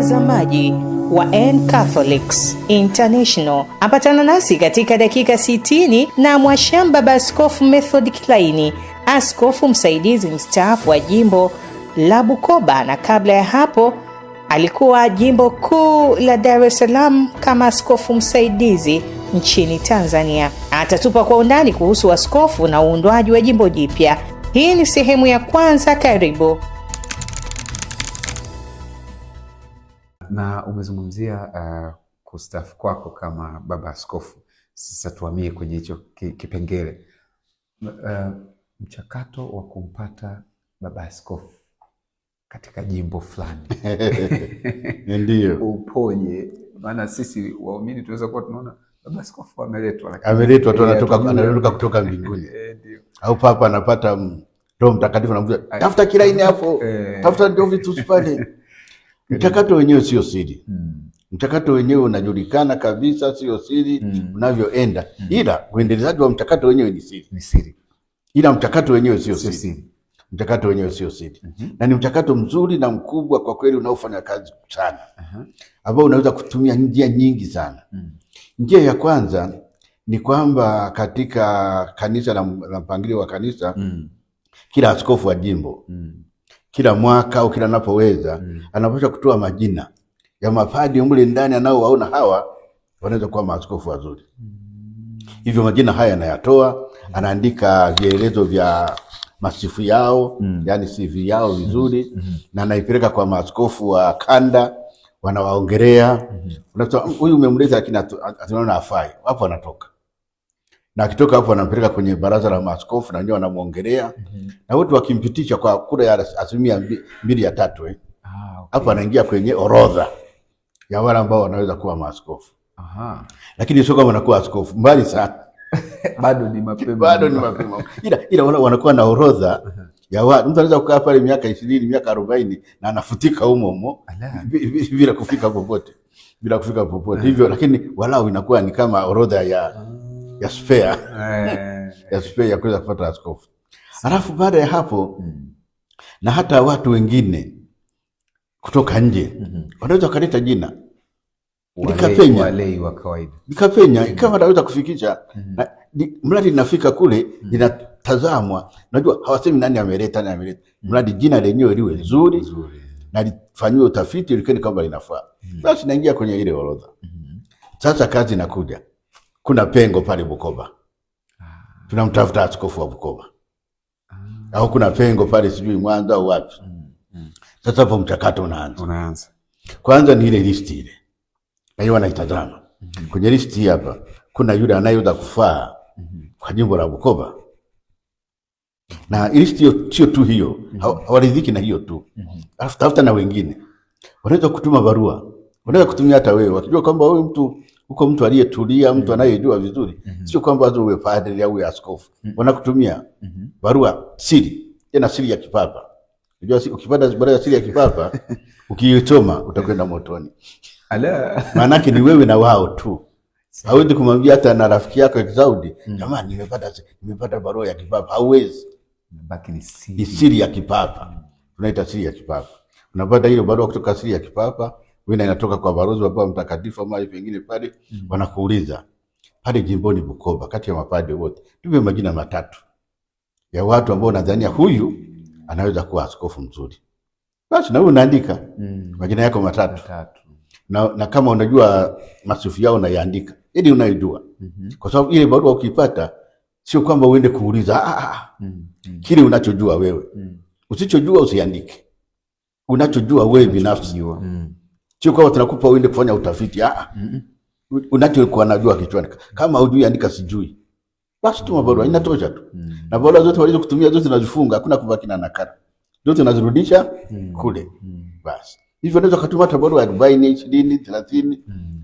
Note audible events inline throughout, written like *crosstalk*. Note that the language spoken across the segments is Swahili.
mtazamaji wa N Catholics International, ambatana nasi katika dakika 60 na Mwashamba Baskofu Method Kilaini, askofu msaidizi mstaafu wa jimbo la Bukoba, na kabla ya hapo alikuwa jimbo kuu la Dar es Salaam kama askofu msaidizi nchini Tanzania. Atatupa kwa undani kuhusu askofu na uundwaji wa jimbo jipya. Hii ni sehemu ya kwanza. Karibu. na umezungumzia uh, eh, kustafu kwako kama baba askofu. Sasa tuamie kwenye hicho kipengele uh, mchakato wa kumpata baba askofu katika jimbo fulani *laughs* ndio upoje? Maana sisi waumini tunaweza kuwa tunaona baba askofu ameletwa, ameletwa tu, anatoka kutoka mbinguni *laughs* eh, au papa anapata Roho Mtakatifu, anamjua tafuta kila ini hapo, tafuta ndio vitu pale *laughs* Mchakato wenyewe sio siri mm. Mchakato wenyewe unajulikana kabisa, sio siri mm. unavyoenda mm. ila uendelezaji wa mchakato wenyewe ni siri. Ni siri, ila mchakato wenyewe sio siri, siri. Mchakato wenyewe sio siri mm -hmm. na ni mchakato mzuri na mkubwa kwa kweli unaofanya kazi sana uh -huh. ambao unaweza kutumia njia nyingi sana mm. Njia ya kwanza ni kwamba katika kanisa la mpangilio wa kanisa mm. kila askofu wa jimbo mm kila mwaka au kila anapoweza mm. anapaswa kutoa majina ya mapadi mle ndani anaowaona hawa wanaweza kuwa maaskofu wazuri. Mm. Hivyo majina haya anayatoa, anaandika vielezo vya masifu yao mm. yani CV yao vizuri mm. mm na anaipeleka kwa maaskofu wa kanda, wanawaongelea mm, mm huyu umemleta lakini atunaona afai, wapo wanatoka na akitoka hapo anampeleka kwenye baraza la maaskofu na wenyewe wanamwongelea mm -hmm. na wote wakimpitisha kwa kura ya asilimia mbili ya tatu eh. ah, okay. hapo anaingia kwenye orodha ya wale ambao wanaweza kuwa maaskofu. Aha. Lakini sio kama anakuwa askofu, mbali sana *laughs* bado ni mapema, bado ni mapema ila, ila wanakuwa na orodha ya watu. Mtu anaweza kukaa pale miaka 20 miaka 40 na anafutika humo humo bila kufika popote bila kufika popote hivyo, lakini walau inakuwa ni kama orodha ya ah ya spare eh. *laughs* ya spare ya kuweza kupata askofu. Alafu baada ya hapo mm, na hata watu wengine kutoka nje mm -hmm. wanaweza wakaleta jina likapenya likapenya mm. kama naweza kufikisha mhm. mradi linafika kule mm. linatazamwa. Najua hawasemi nani ameleta nani ameleta mhm. mradi jina lenyewe liwe zuri na lifanyiwe utafiti likeni kama linafaa mhm. basi naingia kwenye ile orodha Sasa kazi inakuja kuna pengo pale Bukoba, ah. tunamtafuta askofu wa Bukoba ah. au kuna pengo pale sijui Mwanza au wapi. Mm, mm. Sasa hapo mchakato unaanza, unaanza kwanza ni ile list ile, na hiyo wanaitazama mm-hmm. kwenye list hii. Hapa kuna yule anayeweza kufaa mm-hmm. kwa jimbo la Bukoba, na list hiyo sio tu hiyo, mm-hmm. hawaridhiki na hiyo tu, alafu tafuta na wengine, wanaweza kutuma barua, wanaweza kutumia hata wewe, wakijua kwamba wewe mtu uko mtu aliyetulia, mtu mm-hmm. anayejua vizuri, mm -hmm. sio kwamba lazima uwe padri au askofu mm -hmm. Wanakutumia mm -hmm. barua siri, ina siri ya kipapa. Unajua, ukipata barua ya siri ya kipapa *laughs* ukiitoma utakwenda motoni. Ala, maana yake ni wewe na wao tu. Hawezi kumwambia hata na rafiki yako Exaudi, mm. jamani, nimepata nimepata barua ya kipapa. Hauwezi, baki ni siri, siri ya kipapa. Tunaita siri ya kipapa, unapata hiyo barua kutoka siri ya kipapa wina inatoka kwa balozi wa Baba Mtakatifu ama pengine pale mm. wanakuuliza pale jimboni Bukoba, kati ya mapade wote tupe majina matatu ya watu ambao nadhania huyu anaweza kuwa askofu mzuri, basi na wewe unaandika mm. majina yako matatu, matatu. Na, na kama unajua masifu yao unaiandika ili unaijua mm -hmm. kwa sababu ile barua ukipata sio kwamba uende kuuliza ah, ah, ah. mm -hmm. kile unachojua wewe mm -hmm. usichojua usiandike, unachojua wewe binafsi mm -hmm. Sio kwamba tunakupa uende kufanya utafiti. Ah, ah. unachokuwa najua kichwani. Kama hujui andika sijui. Basi tuma barua inatosha tu. Mm. Na barua zote walizokutumia zote tunazifunga, hakuna kubaki na nakala. Zote nazirudisha mm. kule. Mm. Basi. Hivyo unaweza kutuma hata barua 40, 20, 30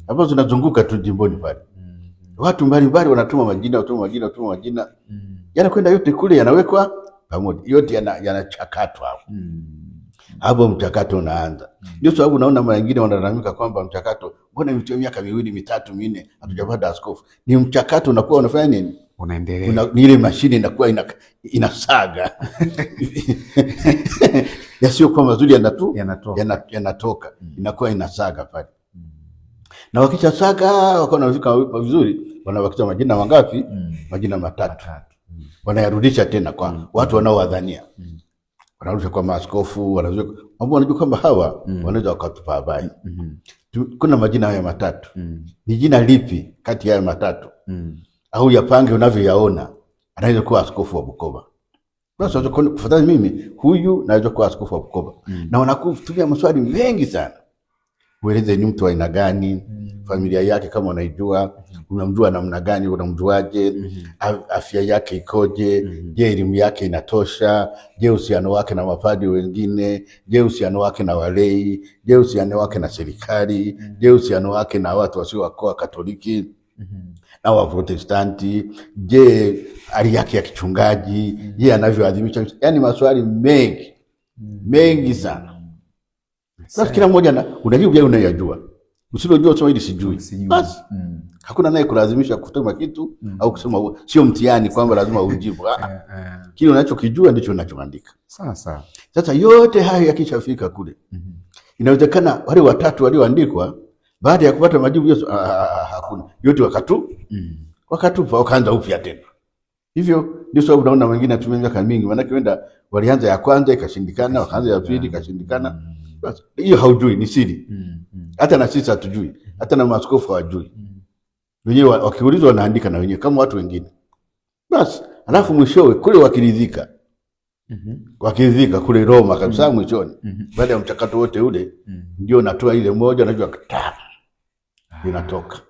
ambazo zinazunguka tu jimboni pale. Mm. Watu mbalimbali wanatuma majina, watuma majina, watuma majina. Mm. Yanakwenda yote kule yanawekwa pamoja. Yote yanachakatwa yana hapo. Mm hapo mchakato unaanza. Hmm. Ndio sababu naona mara nyingine wanalalamika kwamba mchakato, mbona imechukua miaka miwili mitatu minne hatujapata askofu? Ni mchakato unakuwa unafanya nini? Unaendelea. Una, ile mashine inakuwa ina, inasaga *laughs* kwa mazuri yanatu, yanatoka, yana, yanatoka. Mm. Inakuwa inasaga pale mm. Na wakisha saga wakawa wanafika vizuri, wanabakisha majina mangapi? Mm. Majina matatu, matatu. Mm. Wanayarudisha tena kwa mm. watu wanaowadhania mm wanarusha kwa maaskofu, wanajua kwamba hawa mm. wanaweza wakatupa habari mm -hmm. kuna majina haya matatu mm. ni jina lipi kati ya haya matatu mm. au yapange unavyoyaona, anaweza kuwa askofu wa Bukoba. Basi mm. kufuatana mimi, huyu naweza kuwa askofu wa Bukoba mm. na wanakutumia maswali mengi sana ueleze ni mtu aina gani, mm-hmm. familia yake kama unaijua, mm-hmm. unamjua namna gani, unamjuaje, mm-hmm. afya yake ikoje, je, elimu yake inatosha, je, uhusiano wake na mapadi wengine, je, uhusiano wake na walei, je, uhusiano wake na serikali, je, uhusiano wake na watu wasio wakoa Katoliki na Waprotestanti, je, hali yake ya kichungaji, je, anavyoadhimisha, Yani maswali mengi mengi sana sasa kila mmoja unajua yale unayajua. Usipojua usema hili sijui. Bas. mm. Hakuna naye kulazimisha kusema kitu mm. au kusema sio mtihani kwamba lazima ujibu. *laughs* Eh, ah. ah. Eh. Kile unachokijua ndicho unachoandika. Sasa sasa yote hayo yakishafika kule. Mm -hmm. Inawezekana wale watatu walioandikwa baada ya kupata majibu yote ah, ah, hakuna. Yote wakatu mm. wakatupa wakaanza upya tena. Hivyo ndio sababu unaona wengine tumia kamingi maana kwenda walianza ya kwanza ikashindikana, wakaanza ya pili mm. ikashindikana. Mm. Basi hiyo haujui, ni siri. Mm, mm. Hata na sisi hatujui, hata na maaskofu hawajui. Mm. Wenyewe wakiulizwa wanaandika na wenyewe kama watu wengine. Basi alafu mwishowe kule wakiridhika Mm -hmm. Wakiridhika kule Roma kabisa mm -hmm. Mwishoni mm -hmm. Baada ya mchakato wote ule mm -hmm. Ndio natoa ile moja, najua ta inatoka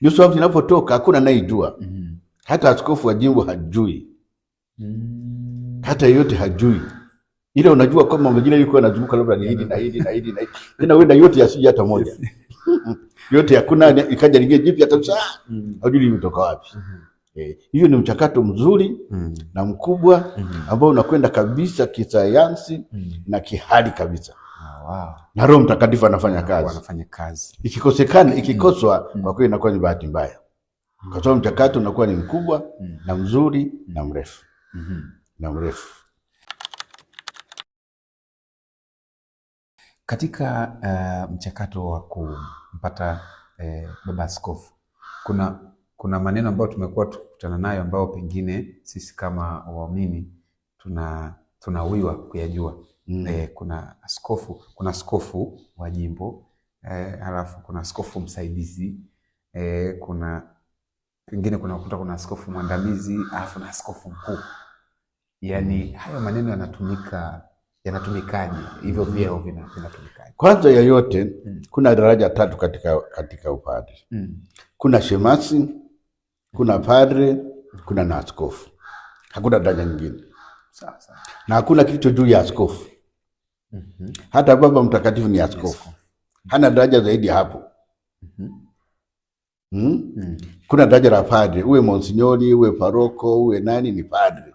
ndio sababu inapotoka hakuna naijua mm -hmm. Hata askofu wa jimbo hajui mm -hmm. Hata yote hajui ile unajua kama majina yuko anazunguka labda ni hili na hili na hili na hili tena wewe na yote yasije hata moja *laughs* yote hakuna, ikaja lingine jipi hata msa mm. hajui limetoka wapi. Mm-hmm. Eh, hiyo ni mchakato mzuri mm. na mkubwa mm-hmm. ambao unakwenda kabisa kisayansi mm. na kihali kabisa ah, wow. na Roho Mtakatifu anafanya kazi, anafanya kazi. Ikikosekana, ikikoswa mm kwa kweli inakuwa ni bahati mbaya mm kwa sababu mchakato unakuwa ni mkubwa mm na mzuri na mrefu mm -hmm. na mrefu Katika uh, mchakato wa kumpata eh, baba askofu kuna, kuna maneno ambayo tumekuwa tukutana nayo ambayo pengine sisi kama waumini tuna tunawiwa kuyajua mm. Eh, kuna askofu kuna askofu wa jimbo eh, halafu kuna askofu msaidizi eh, kuna pengine kunakuta kuna askofu mwandamizi alafu na askofu mkuu. Yani hayo maneno yanatumika yanatumikaje? Hivyo vyeo vinatumikaje? Kwanza ya yote mm. kuna daraja tatu katika, katika upadre mm. kuna shemasi, kuna padre, kuna na askofu. Hakuna daraja nyingine na hakuna kitu juu ya askofu mm -hmm. hata Baba Mtakatifu ni askofu yes. hana daraja zaidi hapo mm -hmm. Mm Hmm. Kuna daraja la padre, uwe monsinyori, uwe paroko, uwe nani, ni padre.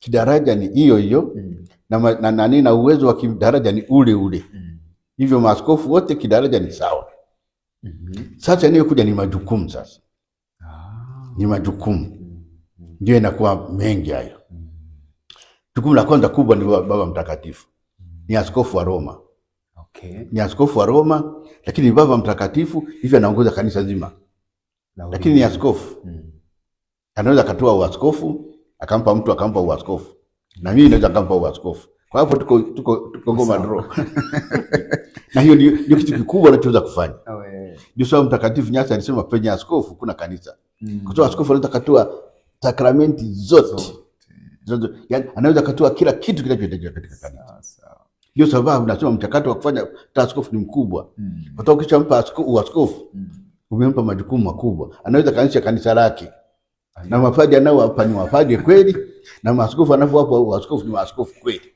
Kidaraja ni hiyo hiyo hmm na, na, na, na na uwezo wa kidaraja ni ule ule mm. Hivyo maaskofu wote kidaraja ni sawa mm -hmm. Sasa inayokuja ni majukumu sasa ah. Ni majukumu mm-hmm. ndio mm -hmm. inakuwa mengi hayo mm -hmm. Jukumu la kwanza kubwa ni Baba Mtakatifu mm -hmm. Ni askofu wa Roma okay. Ni askofu wa Roma lakini ni Baba Mtakatifu, hivyo anaongoza kanisa zima lakini ni askofu mm -hmm. Anaweza akatoa uaskofu akampa mtu akampa uaskofu na mimi naweza kampa uaskofu. Kwa hivyo tuko tuko tuko ngoma draw. *laughs* na hiyo ndio kitu kikubwa anachoweza kufanya. Ndio sababu Mtakatifu Nyasa alisema penye askofu kuna kanisa. Mm. Kwa sababu askofu anaweza katoa sakramenti zote. Zote. Yaani anaweza katoa kila kitu kinachohitajika katika kanisa. Sawa. Ndio sababu nasema mchakato wa kufanya askofu ni mkubwa. Mm. Kwa sababu kisha mpa askofu uaskofu, mm. umempa majukumu makubwa. Anaweza kaanzisha kanisa lake na anao hapa ni mapadri kweli, na maaskofu hapa waaskofu ni maaskofu kweli.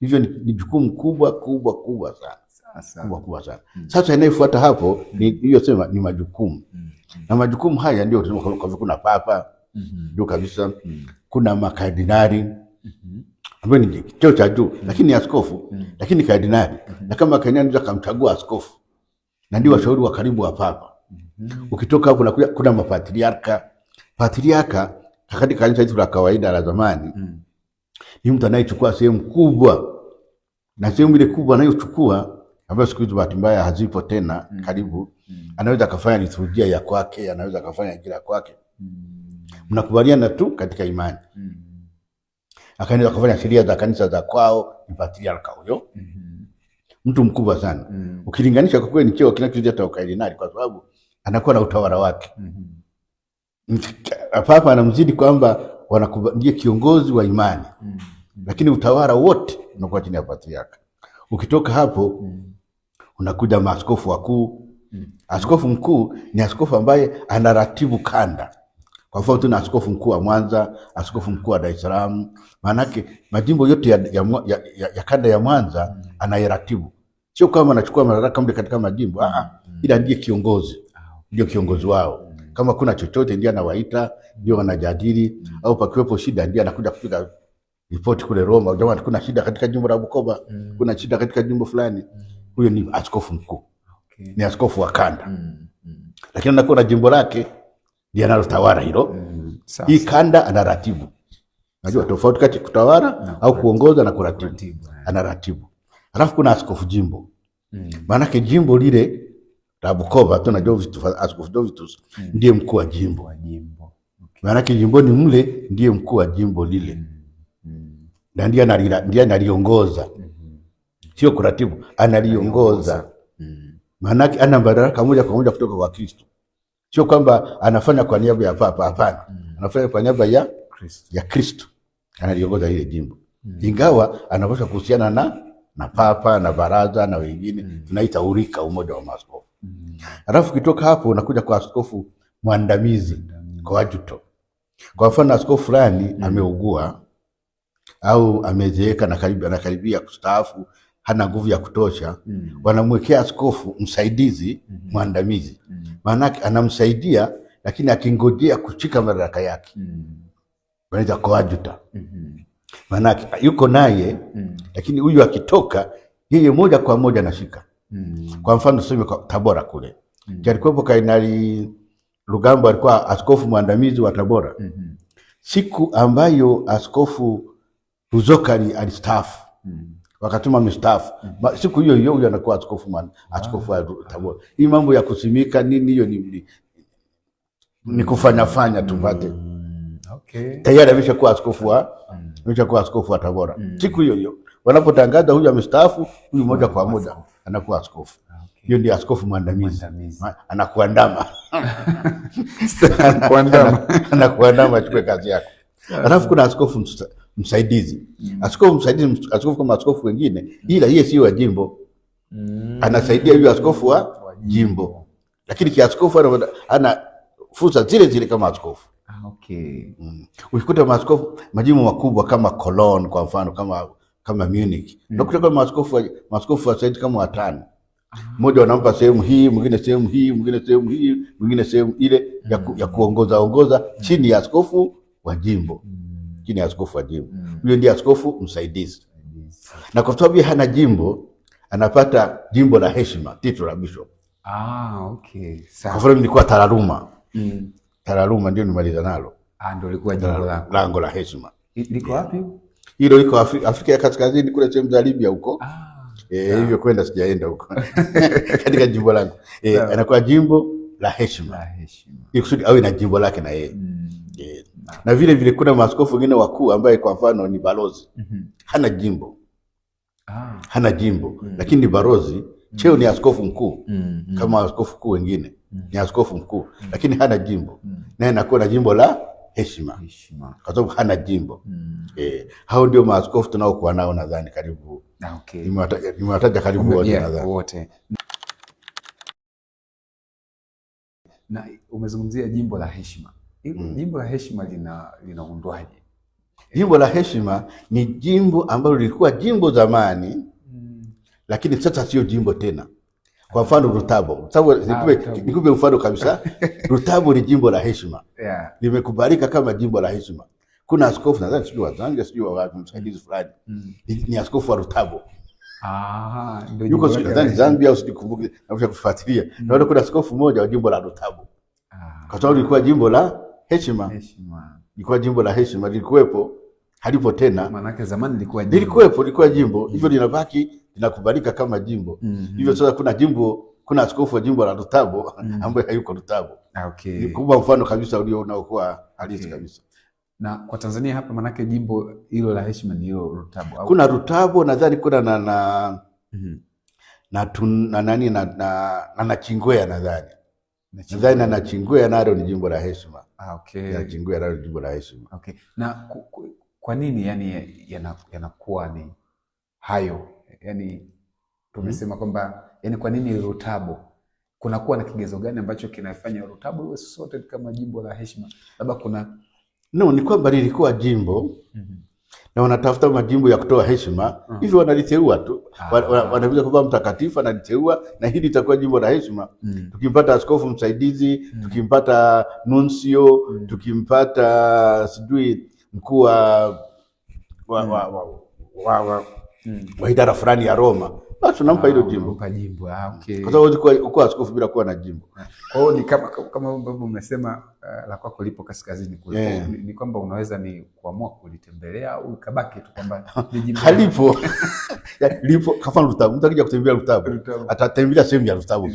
Hivyo ni ni jukumu kubwa kubwa kubwa sana kubwa kubwa sana. Sasa inayofuata hapo ni hiyo sema ni majukumu mm -hmm. na majukumu haya ndio tunasema kwa kuna papa mm-hmm. ndio mm -hmm. kabisa mm -hmm. kuna makardinali ambayo mm -hmm. ni cheo cha juu mm-hmm. lakini askofu mm -hmm. lakini kardinali mm -hmm. na kama kardinali ndio akamchagua askofu na ndio washauri wa karibu wa papa mm -hmm. ukitoka hapo kuna mapatriarka Patriaka kakati kanisa letu la kawaida la zamani mm. ni mtu anayechukua sehemu kubwa, na sehemu ile kubwa anayochukua ambayo siku hizi bahati mbaya hazipo tena mm. karibu mm. anaweza akafanya liturujia ya kwake, anaweza akafanya kila kwake mm. mnakubaliana tu katika imani mm. akaendelea kufanya sheria za kanisa za kwao, ni patriarka huyo mm -hmm. mtu mkubwa sana mm. ukilinganisha kwa kweli ni cheo kinachoja hata ukailinari kwa sababu anakuwa na utawala wake mm -hmm. Papa anamzidi kwamba ndiye kiongozi wa imani mm. Lakini utawala wote unakuwa chini ya patriaka. Ukitoka hapo mm. unakuja maaskofu wakuu mm. Askofu mkuu ni askofu ambaye anaratibu kanda. Kwa mfano tuna askofu mkuu wa Mwanza, askofu mkuu wa Dar es Salaam. Maanake majimbo yote ya, ya, ya, ya, ya kanda ya Mwanza mm. anayeratibu, sio kama anachukua madaraka mle katika majimbo ah, mm. ila ndiye kiongozi, ah, ndio kiongozi wao kama kuna chochote ndio anawaita, ndio wanajadili mm. au pakiwepo shida ndio anakuja kupiga ripoti kule Roma, jamani, kuna shida katika jimbo la Bukoba mm. kuna shida katika jimbo fulani mm. huyo ni askofu mkuu okay. ni askofu wa kanda mm. mm. lakini anakuwa na jimbo lake ndio analotawala hilo mm. hii kanda anaratibu Najua tofauti kati kutawala no, au kuongoza na kuratibu. Anaratibu. Eh. Alafu kuna askofu jimbo. Mm. Maanake jimbo lile la Bukoba tunajua Askofu Dovitus mm. ndiye mkuu wa jimbo wa jimbo okay. Maanake jimboni mle ndiye mkuu wa jimbo lile mm. Mm. na ndiye analiongoza -hmm. sio kuratibu, analiongoza mm. maanake ana baraka moja kwa moja kutoka kwa Kristo, sio kwamba anafanya kwa niaba ya papa, hapana mm. anafanya kwa niaba ya Kristo, ya Kristo analiongoza ile jimbo mm. ingawa anapaswa kuhusiana na na papa na baraza na wengine mm. tunaita urika, umoja wa maskofu Mm. Alafu ukitoka hapo unakuja kwa askofu mwandamizi ajuto. Kwa mfano askofu fulani mm. ameugua au amezeeka anakaribia kustaafu, hana nguvu ya kutosha, mm. wanamwekea askofu msaidizi mm-hmm. mwandamizi. Maanake anamsaidia lakini akingojea kushika madaraka yake wanaita coadjutor. Mm-hmm. Maanake yuko naye, lakini huyu akitoka, yeye moja kwa moja anashika Mm. Kwa mfano tuseme kwa Tabora kule. Mm. Alikuwepo kainari Rugambo alikuwa askofu mwandamizi wa Tabora. Mm -hmm. Siku ambayo askofu Ruzokari alistaafu. Mm. Wakatuma mstaafu. Mm. Siku hiyo hiyo anakuwa askofu man, ah. askofu wa Tabora. Hii mambo ya kusimika nini hiyo ni ni ni kufanya fanya tupate. Mm. Okay. Tayari ameshakuwa askofu wa mm. ameshakuwa askofu wa Tabora. Mm. Siku hiyo hiyo wanapotangaza huyu amestaafu, huyu moja kwa moja anakuwa askofu. Ah, hiyo ndio askofu mwandamizi, anakuandama *laughs* *laughs* anakuandama, achukue kazi yako. Alafu kuna askofu msaidizi. Mm. Askofu msaidizi, askofu kama askofu wengine, ila yeye si wa jimbo, mm. anasaidia hiyo askofu wa jimbo, lakini kiaskofu ana fursa zile zile kama askofu. Ah, okay. Mm. Ukikuta maskofu majimbo makubwa kama Cologne kwa mfano, kama kama Munich mm. na kutoka maaskofu maaskofu wa Saint kama watano, ah. mmoja anampa sehemu hii, mwingine sehemu hii, mwingine sehemu hii, mwingine sehemu ile ya, ku, ya mm. kuongoza ongoza mm. chini ya askofu wa jimbo Mm. chini ya askofu wa jimbo mm. huyo ndiye askofu msaidizi, Mm. na kwa sababu hana jimbo anapata jimbo la heshima titulo la bishop. Ah, okay. Sawa. Kwa sababu nilikuwa Tararuma. Mm. Tararuma ndio nimaliza nalo. Ah, ndio likuwa jimbo lako. Lango la heshima. Liko wapi? Yeah hilo liko Afri, Afrika ya Kaskazini kule sehemu za Libya huko ah, e, hivyo kwenda sijaenda huko *laughs* katika jimbo langu eh, yeah. anakuwa jimbo la heshima ili kusudi awe na jimbo lake na yeye mm. e, na vile vile kuna maaskofu wengine wakuu ambaye kwa mfano ni balozi mm -hmm. hana jimbo ah. hana jimbo mm -hmm. lakini ni balozi mm. cheo ni askofu mkuu mm -hmm. kama askofu mkuu wengine mm -hmm. ni askofu mkuu mm -hmm. lakini hana jimbo mm -hmm. naye anakuwa na jimbo la heshima, heshima, kwa sababu hana jimbo mm. E, hao ndio maaskofu tunaokuwa nao nadhani karibu okay. Nimewataja karibu wote nadhani wote. Na umezungumzia jimbo la heshima mm. Jimbo la heshima lina linaundwaje? Jimbo la heshima ni jimbo ambalo lilikuwa jimbo zamani mm. lakini sasa sio jimbo tena. Kwa mfano Rutabo, ah, nikupe mfano kabisa *laughs* Rutabo ni jimbo la heshima yeah. limekubalika kama jimbo la heshima. Kuna askofu nadhani sijui wa Zanzibar sijui wa wapi msaidizi mm. fulani mm. ni askofu wa Rutabo ah, yuko nadhani Zanzibar au sikumbuki, naweza kufuatilia mm. naona kuna askofu mmoja wa jimbo la Rutabo ah. kwa sababu ilikuwa jimbo la heshima, ilikuwa jimbo la heshima lilikuwepo, halipo tena, Maana yake zamani lilikuwa jimbo, lilikuwepo, lilikuwa jimbo mm. hivyo mm. linabaki linakubalika kama jimbo mm -hmm. hivyo sasa kuna jimbo kuna askofu wa jimbo la Rutabo mm. ambaye hayuko Rutabo. Ah, okay. Ni kubwa mfano kabisa ulio unaokuwa halisi okay. kabisa. Na kwa Tanzania hapa manake jimbo hilo la heshima ni hilo Rutabo. Au... Kuna Rutabo nadhani kuna na na mm -hmm. na, tun, na nani na na, na, na Chingwea nadhani. Nadhani na Chingwea nalo ni jimbo la heshima. Ah, okay. Na Chingwea nalo ni jimbo la heshima. Okay. Na ku, ku, kwa nini yani yanakuwa ya, ya ni hayo? Yaani tumesema mm -hmm. kwamba yani kwa nini Rutabo? Kunakuwa na kigezo gani ambacho kinafanya Rutabo iwe sote kama jimbo la heshima? Labda kuna no, ni kwamba lilikuwa jimbo mm -hmm. na wanatafuta majimbo ya kutoa heshima mm hivyo -hmm. wanaliteua tu ah, wanavuja mtakatifu analiteua na hili litakuwa jimbo la heshima mm -hmm. tukimpata askofu msaidizi mm -hmm. tukimpata nuncio mm -hmm. tukimpata sijui mkuu wa, wa, mm. wa, wa, wa, wa mm. wa idara fulani ya Roma, basi unampa hilo ah, jimbo unampa jimbo ah, okay. Kwa sababu uko askofu bila kuwa na jimbo. Ah, kwa hiyo ni kama kama ambavyo mnasema uh, ah, la kwako lipo kaskazini kule yeah. Ni, ni kwamba unaweza ni kuamua kulitembelea au kabaki tu kwamba *laughs* ni jimbo halipo *laughs* lipo kafanya Rutabu, mtu akija kutembelea Rutabu atatembelea sehemu ya Rutabu,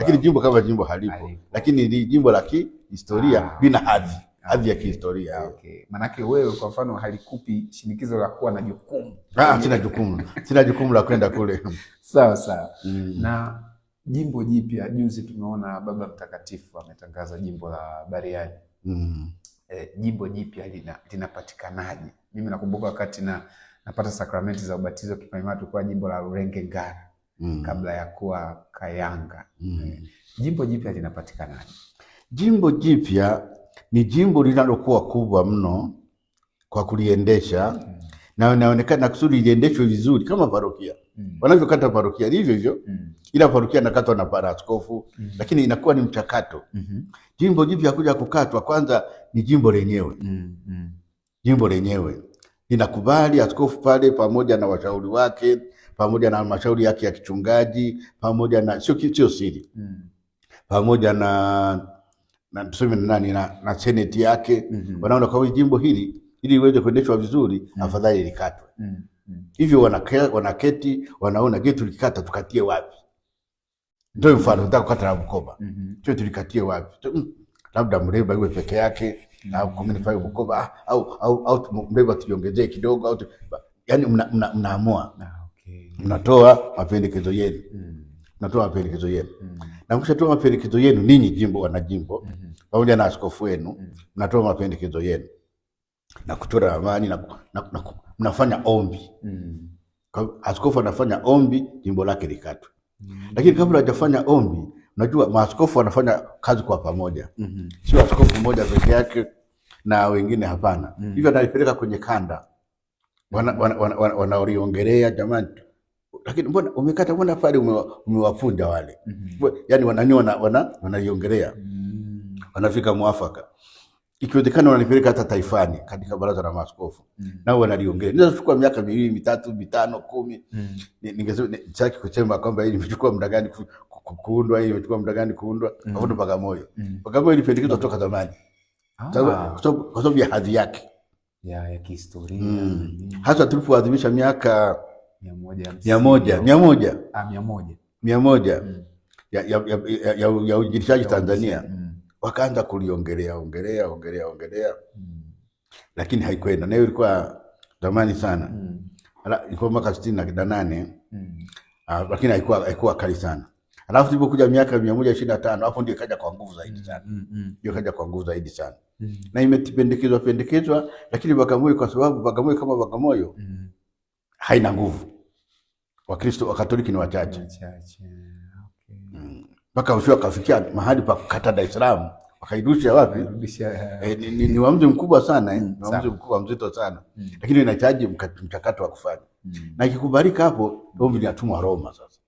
lakini jimbo kama jimbo halipo, halipo. Lakini ni jimbo la kihistoria bila hadhi hadhi ya kihistoria. Okay. Manake wewe kwa mfano halikupi shinikizo la kuwa na jukumu. Ah, sina jukumu, sina jukumu la kwenda kule. Sawa sawa. Mm. Na jimbo jipya juzi tumeona Baba Mtakatifu ametangaza jimbo la Bariadi. Mm. Eh, jimbo jipya lina linapatikanaje? Mimi nakumbuka wakati na napata sakramenti za ubatizo Kipaimara tulikuwa jimbo la Rurenge Ngara mm. kabla ya kuwa Kayanga mm. eh, jimbo jipya linapatikanaje? Jimbo jipya ni jimbo linalokuwa kubwa mno kwa kuliendesha mm. na inaonekana kusudi liendeshwe vizuri kama parokia mm. wanavyokata parokia hivyo hivyo mm. ila parokia nakatwa na paraskofu mm. lakini inakuwa ni mchakato mm -hmm. jimbo jipya kuja kukatwa, kwanza ni jimbo lenyewe mm. -hmm. jimbo lenyewe linakubali askofu pale pamoja na washauri wake pamoja na halmashauri yake ya kichungaji pamoja na sio siri mm. pamoja na na tuseme nani na, na seneti yake mm -hmm. Wanaona kwa jimbo hili ili iweze kuendeshwa vizuri mm -hmm. Afadhali likatwe mm -hmm. Hivyo wanaketi wanaona kitu likata tukatie wapi? Ndio mfano nataka kukata na Bukoba mhm. mm -hmm. tulikatie wapi? Labda Mreba iwe peke yake mm -hmm. au community ya Bukoba ah, au au, au Mreba tuiongezee kidogo au yani, mnaamua mna, mna ah, okay. mnatoa mapendekezo yenu, mm-hmm. mnatoa mapendekezo yenu mm -hmm na mkishatoa mapendekezo yenu ninyi jimbo, wana jimbo mhm. pamoja na askofu wenu, mhm. mnatoa mapendekezo yenu na kutoa amani na, na, na, mnafanya ombi mm. Askofu anafanya ombi jimbo lake likatwe mm. Lakini kabla hajafanya ombi, unajua maaskofu wanafanya kazi kwa pamoja mm -hmm. Sio askofu mmoja peke yake na wengine hapana, mm. Hivyo analipeleka kwenye kanda, wanaoliongelea wana, wana, wana, wana jamani lakini mbona umekata, mbona pale umewapunda wale? mm -hmm. Yani wanani wanaiongelea wana, mm wanafika mwafaka, ikiwezekana wananipeleka hata taifani katika baraza la maaskofu mm -hmm. nao wanaliongelea. Naweza kuchukua miaka miwili mitatu mitano kumi. mm -hmm. Ningesema chaki kusema kwamba hii imechukua muda gani kuundwa, hii imechukua muda gani kuundwa. mm -hmm. Bagamoyo, mm -hmm. Bagamoyo ilipendekezwa mm toka zamani ah. kwa sababu ya hadhi yake ya kihistoria, mm. mm. hasa tulipoadhimisha miaka mia moja mia moja ah, mia moja mia moja mm. ya uinjilishaji Tanzania mm. Wakaanza kuliongelea ongelea ongelea ongelea mm. Lakini haikwenda nayo, ilikuwa zamani sana mm. Ilikuwa mwaka sitini na nane mm. Uh, lakini haikuwa haikuwa kali sana alafu ilipokuja miaka mia moja ishirini na tano hapo ndio ikaja kwa nguvu zaidi mm, sana mm, mm. Ndio ikaja kwa nguvu zaidi sana mm. Na imependekezwa pendekezwa, lakini Bagamoyo kwa sababu Bagamoyo kama Bagamoyo mm haina nguvu. Wakristo Wakatoliki ni wachache mpaka okay. mm. wakafikia mahali pa kukata Dar es Salaam wakairusha wapi? e, ni, ni ni wamzi mkubwa sana eh? wamzi mkubwa mzito sana mm. lakini inahitaji mchakato wa kufanya mm. na ikikubalika hapo ombi linatumwa Roma sasa,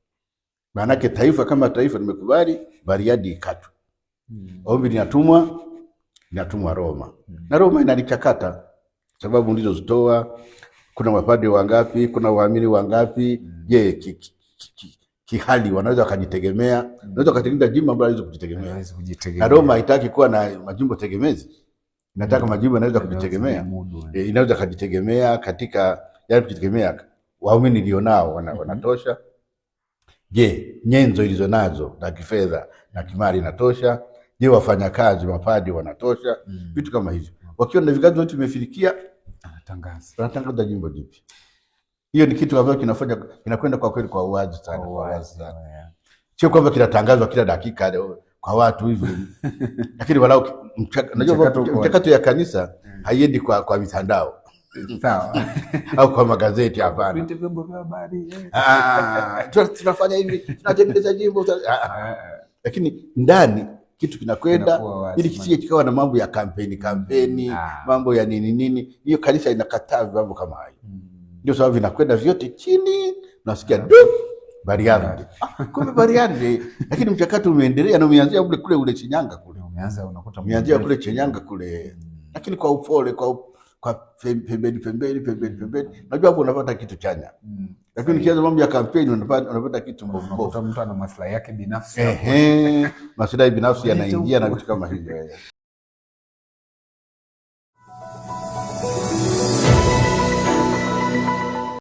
maanake taifa kama taifa limekubali Bariadi ikatwe mm. ombi linatumwa linatumwa Roma mm. na Roma inalichakata sababu ndizozitoa kuna mapadri wangapi? Kuna waamini wangapi? Je, ki, ki, ki, kihali wanaweza wakajitegemea? Unaweza ukatengeneza jimbo ambalo haliwezi kujitegemea, na Roma haitaki kuwa na majimbo tegemezi, nataka mm. majimbo yanaweza kujitegemea, eh. Eh, inaweza kujitegemea katika yale kujitegemea, waumini ilionao mm-hmm. wanatosha. Je, nyenzo ilizo nazo na kifedha na kimali inatosha? Je, wafanyakazi mapadri wanatosha? Mm. Vitu kama hivyo, wakiwa na vigazi vyote vimefirikia Wanatangaza. Wanatangaza jimbo jipi. Hiyo ni kitu ambacho kinafanya kinakwenda kwa kweli kwa uwazi sana, kwa uwazi sana. Sio kwamba kinatangazwa kila dakika kwa watu hivi *laughs* Lakini walau najua mchakato ya kanisa mm. haiendi kwa kwa mitandao. *laughs* Sawa. Au kwa magazeti hapana. Vyombo vya habari. Ah, ah, ah, ah. tunafanya hivi, tunatengeneza jimbo. *laughs* Eh, eh. Lakini ndani kitu kinakwenda, ili kisije kikawa na mambo ya kampeni kampeni, mm. mambo ya nini nini. Hiyo kanisa inakataa mambo kama hayo, mm. ndio sababu vinakwenda vyote chini, nasikia ah. du Bariande, ah, kumbe Bariande. Lakini mchakato umeendelea na umeanzia kule kule Chinyanga kule, umeanza unakuta umeanzia kule Chinyanga kule, hmm. lakini kwa upole kwa upole kwa pembeni pembeni pembeni pembeni, najua hapo unapata kitu chanya mm. Lakini ukianza mambo ya kampeni unapata, unapata kitu mbovu mbovu, mtu ana maslahi yake binafsi, maslahi binafsi yaani yanaingia na vitu kama hivyo.